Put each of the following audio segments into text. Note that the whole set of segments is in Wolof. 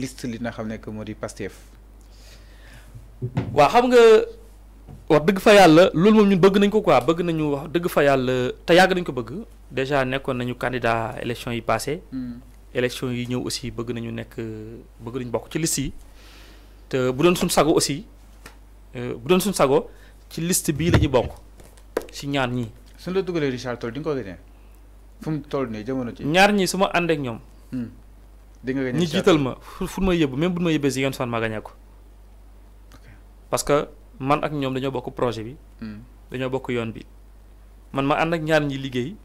liste li na xam nekk moo di Pastef. waaw xam nga wax dëgg fa yàlla loolu moom ñun bëgg nañ ko quoi bëgg nañu wax dëgg fa yàlla te yàgg nañ ko bëgg déjà nekkoon nañu candidat élection yi passé hmm. élection yi ñëw aussi bëgg nañu nekk bëgg nañu bokk ci list yi te bu doon suñ sago aussi euh, bu doon suñ sago ci liste bii la ñuy bokk si ñaar ñii. suñ la di nga ko ci ñaar ñii su ma ànd ñoom. Hmm. di nga ñi jiital ma fu ma yëbbu même bu ma yëbbee Ziguinchor maa gañe ko parce que man ak ñoom dañoo bokk projet bi. Hmm. dañoo bokk yoon bi man ma ànd ak ñaar ñi liggéey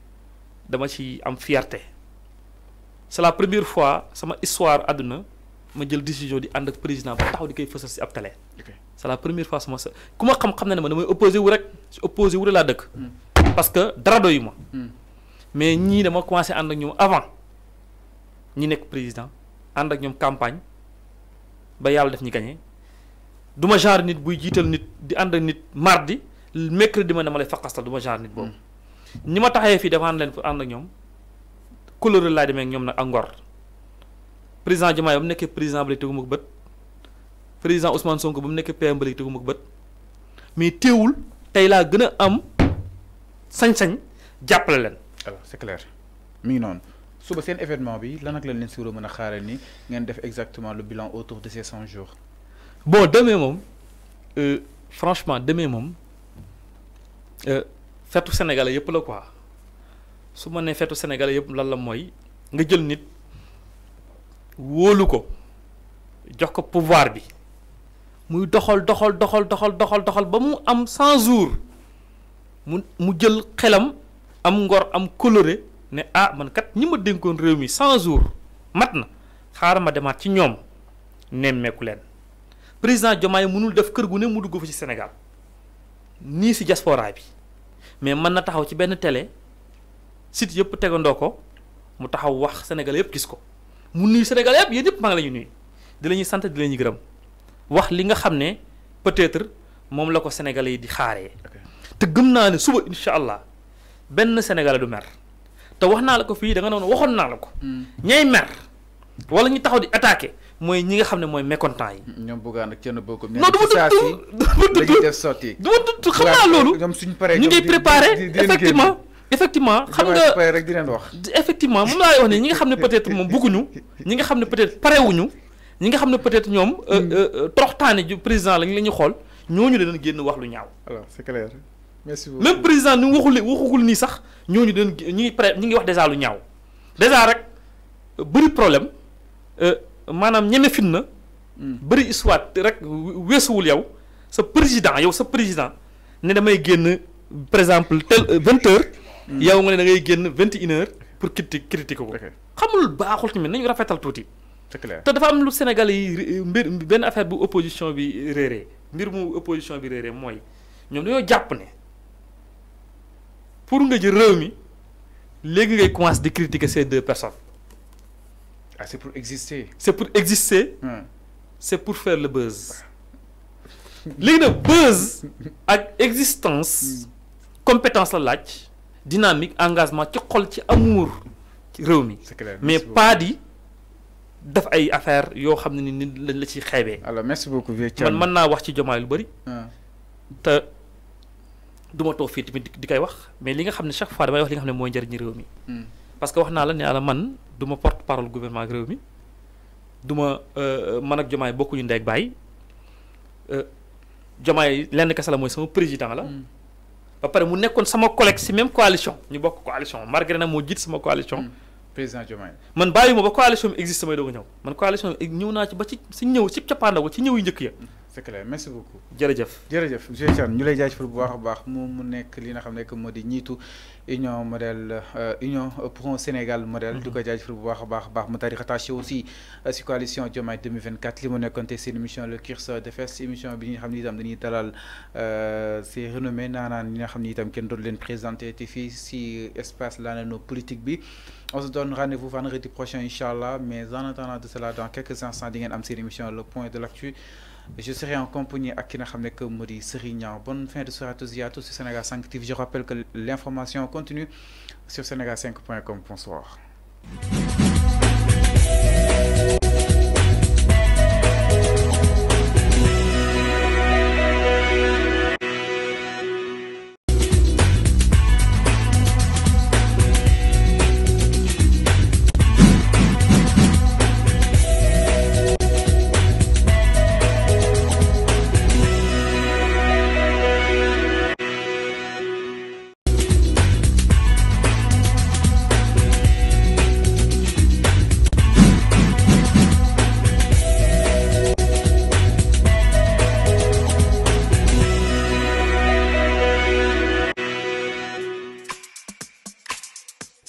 dama ci am fierté c'est la première fois sama histoire àdduna ma jël décision di ànd ak président ba taxaw di koy fësal si ab télé. c'est la première fois sama sa ku ma xam-xam na ne ma damay opposé wu rek si opposé wu de laa dëkk. Hmm. parce que dara doyu ma. Hmm. mais ñii dama commencé ànd ak ñoom ñi nekk président ànd ak ñoom campagne ba yàlla def ñi gagné du ma genre nit buy jiital nit di ànd ak nit mardi di ma na ma lay faqastal du ma genre nit boobu. ñi mm. ma taxawee fii dafa ànd leen pour ànd ak ñoom couleur laa demee ak ñoom nag ak ngor président Diomaye ba mu nekkee président ba léegi tegu ma ko bët président Ousmane Sonko ba mu nekkee PM ba léegi ma ko bët mais téewul tey laa gën a am sañ-sañ jàppale leen. alors c'est mi ngi noonu. suba seen événement bi lan ak lan exactement le bilan autour de ces 100 jours. bon moom euh, franchement de moom euh, fetu sénégalais Si la quoi su ma nee sénégalais lan la nga jël nit jox ko pouvoir bi muy doxal doxal doxal doxal doxal doxal am 100 jours mu jël am ngor am coloré. ne ah man kat ñima denkon rew mi 100 jours matna xaarama xaaral ma demaat ci ñoom nemmeeku leen président Diomaye mënul def kër gu ne mu duggu fa ci senegal ni si diaspora bi mais man na taxaw ci ben télé site yëpp tegandoo ko mu taxaw wax senegal yëpp gis ko mu nuyu senegal yëpp yëpp ma ngi lañu nuy di sante di wax li nga xamné peut-être mom la ko Sénégalais di te gëm na suba inshallah allah Sénégalais du mer. te wax naa la ko fii da nga noonu waxoon naa la ko. Hmm. ñay mer wala ñu taxaw di attaqué mooy ñi nga xam ne mooy mécontent yi. Hmm, ñoom Bougane ak Thierno Bocoum. non du ma tudd du ma def sotti. du ma xam naa loolu. ñoom suñu paree ñu ngi préparé effectivement. effectivement xam nga rek di wax. effectivement moom laa wax ne ñi nga xam ne peut-être moom bëgguñu ñi nga xam ne peut-être parewuñu ñi nga xam ne peut-être ñoom. Euh, hmm. euh, euh, toroxtaane ju président lañ la ñu xool ñooñu danañ génn wax lu ñaaw. alors c'est merci beaucoup même président ni waxul waxagul nii sax ñooñu dañ ñu ngi pré ñu ngi wax dèjà lu ñaaw dèjà rek euh, bëri problème euh, maanaam ñeme fitna. Hmm. bëri histoire rek weesuwul yow sa président yow sa président ne damay génn par exemple tel euh, vingt heures. Hmm. yow nga ne da génn vingt et pour critiquer critiquer ko. xamul baaxul tamit nañu rafetal tuuti. c'est te dafa am lu Sénégal yi mbir benn affaire bu opposition bi réeree mbir mu opposition bi réeree mooy ñoom dañoo jàpp ne. pour nous dire que nous ngay commence critiquer ces deux personnes. Ah, c'est pour exister. c'est pour exister. Hmm. c'est pour faire le buzz. léegi le buzz ak existence compétence la dynamique engagement ci xol ci amour ci mais pas dit faire ay affaire qui ne ni la alors merci beaucoup vieux man duma ma toog fii tamit di koy wax mais li nga xam ne chaque fois damay wax li nga xam ne mooy njëriñu réew mi. Hmm. parce que wax naa la ne la man du ma porte parole gouvernement réew mi du ma euh, euh, man ak Jomaay bokkuñu ndey ak baay Jomaay euh, lenn kese la mooy sama président la. Hmm. ba pare mu nekkoon sama collègue si même coalition ñu bokk coalition malgré nag moo jiit sama coalition. Hmm. président Jomaay man bàyyi ma ba coalition bi existe may doog a ñëw man coalition ñëw naa ci ba ci si ñëw si cappaandaw ci ñëw yu njëkk ya. fekk la merci beaucoup. jërëjëf jërëjëf monsieur Thiam ñu lay jaajëfal bu baax a baax moom mu nekk li nga xam ne moo di ñiitu union model euh, union pour un Sénégal modèle. di ko mhm. jaajëfal bu baax a baax baax mu tari rattaché aussi euh, si coalition mai 2024 li mu nekkoon te seen émission le curseur de fes émission bi nga xam ne itam dañuy dalal euh, c'est renommé naanaan li nga xam ne itam kenn doon leen présenté te fii si espace lanano politique bi. On se donne rendez-vous vendredi prochain, Inch'Allah. Mais en attendant de cela, dans quelques instants, vous avez une émission Le Point de l'actu je serai en compagnie à ki nga Serignan. bonne fin de soirée à tous et à tous sur Sénégal 5 TV je rappelle que l'information continue sur sénégal5.com bonsoir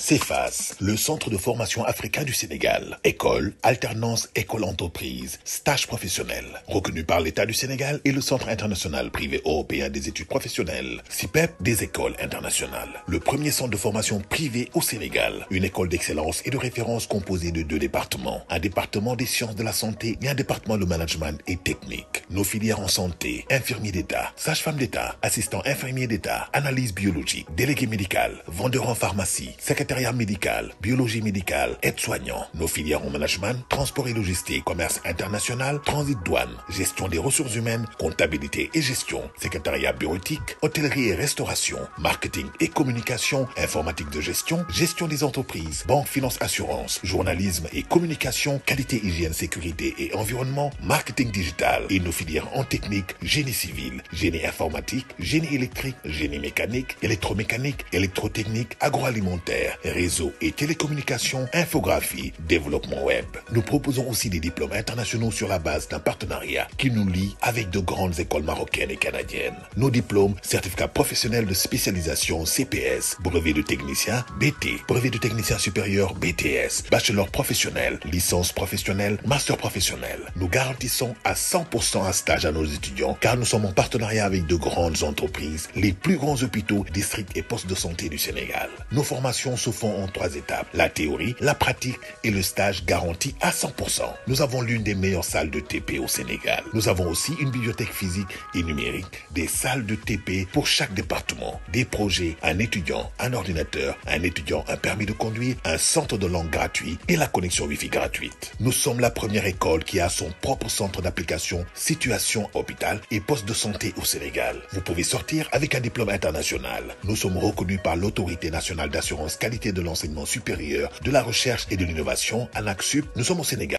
CEFAS, le centre de formation africain du Sénégal. École, alternance, école-entreprise, stage professionnel. Reconnu par l'État du Sénégal et le Centre international privé européen des études professionnelles, CIPEP des écoles internationales. Le premier centre de formation privé au Sénégal. Une école d'excellence et de référence composée de deux départements. Un département des sciences de la santé et un département de management et technique. Nos filières en santé, infirmiers d'État, sage-femme d'État, assistant infirmiers d'État, analyse biologique, délégué médical, vendeur en pharmacie, secrétaire secrétariat médical, biologie médicale, aide-soignant, nos filières en management, transport et logistique, commerce international, transit douane, gestion des ressources humaines, comptabilité et gestion, secrétariat bureautique, hôtellerie et restauration, marketing et communication, informatique de gestion, gestion des entreprises, banque, finance, assurance, journalisme et communication, qualité, hygiène, sécurité et environnement, marketing digital et nos filières en technique, génie civil, génie informatique, génie électrique, génie mécanique, électromécanique, électrotechnique, agroalimentaire, réseaux et télécommunications, infographie, développement web. Nous proposons aussi des diplômes internationaux sur la base d'un partenariat qui nous lie avec de grandes écoles marocaines et canadiennes. Nos diplômes, certificats professionnels de spécialisation CPS, brevet de technicien BT, brevet de technicien supérieur BTS, bachelor professionnel, licence professionnelle, master professionnel. Nous garantissons à 100% un stage à nos étudiants car nous sommes en partenariat avec de grandes entreprises, les plus grands hôpitaux, districts et postes de santé du Sénégal. Nos formations sont font en trois étapes. La théorie, la pratique et le stage garanti à 100%. Nous avons l'une des meilleures salles de TP au Sénégal. Nous avons aussi une bibliothèque physique et numérique, des salles de TP pour chaque département, des projets, un étudiant, un ordinateur, un étudiant, un permis de conduire, un centre de langue gratuit et la connexion wifi gratuite. Nous sommes la première école qui a son propre centre d'application, situation hôpital et poste de santé au Sénégal. Vous pouvez sortir avec un diplôme international. Nous sommes reconnus par l'autorité nationale d'assurance qualité de l'enseignement supérieur, de la recherche et de l'innovation, à nous sommes au Sénégal.